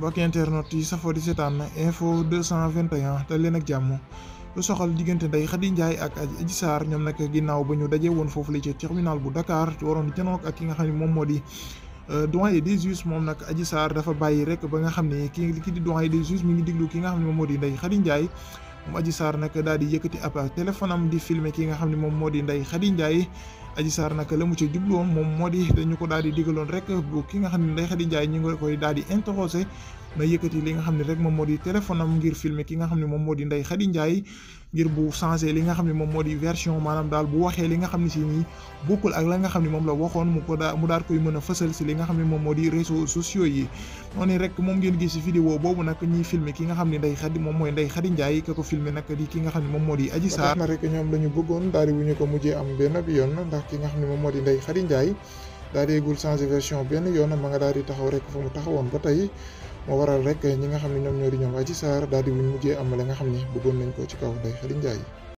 mbokk internet yi safoo di seetaan info 221 te leen ak jàmm lu soxal diggante Ndeye Khady Ndiaye ak Adji Sarr ñoom nag ginnaaw ba ñu daje woon foofu la ci tribunal bu Dakar waroon janoog ak ki nga xam ne moom moo di euh, doyen des juges moom nag Adji saar dafa bàyyi rek ba nga xam ne ki ki di doyen des juges mu ngi diglu ki nga xam ne moom moo di Ndeye Khady Ndiaye moom Adji Sarr nag daal di yëkkati ab téléphone am di filmer ki nga xam ne moom moo di Ndeye Khady Ndiaye Adji Sarr nag la mu ca jublu woon moom moo di dañu ko daal di digaloon rek bu ki nga xam ne Ndeye Khady Ndiaye ñu ngi koy daal di interroger na yëkkati li nga xam ne rek moom moo di téléphone am ngir filmer ki nga xam ne moom moo di Ndeye Khady ngir bu changé li nga xam ne moom moo di version maanaam daal bu waxee li nga xam ne si nii bokkul ak la nga xam ne moom la waxoon ko daa mu a fësal nga xam ne moom moo di réseaux sociaux yi noonu rek moom ngeen gis si vidéo boobu nag ñi filmer ki nga xam ne Ndeye Khady moom mooy Ndeye Khady Ndiaye ka ko filmer nag di ki nga xam ne moom moo di Adji Sarr na rek ñoom la ñu bëggoon daal di wuñu ko mujjee am benn bi yoon ndax ki nga xam ne moom moo di Ndeye Khady Ndiaye daal di yegul changé version benn yoon ma nga daal di taxaw rek fa mu taxawoon tey moo waral rek ñi nga xam ne ñoom ñoo di ñoom Adji Sarr daal di wuñ mujjee am nga xam ni bëggoon nañ ko ci kaw Ndeye Khady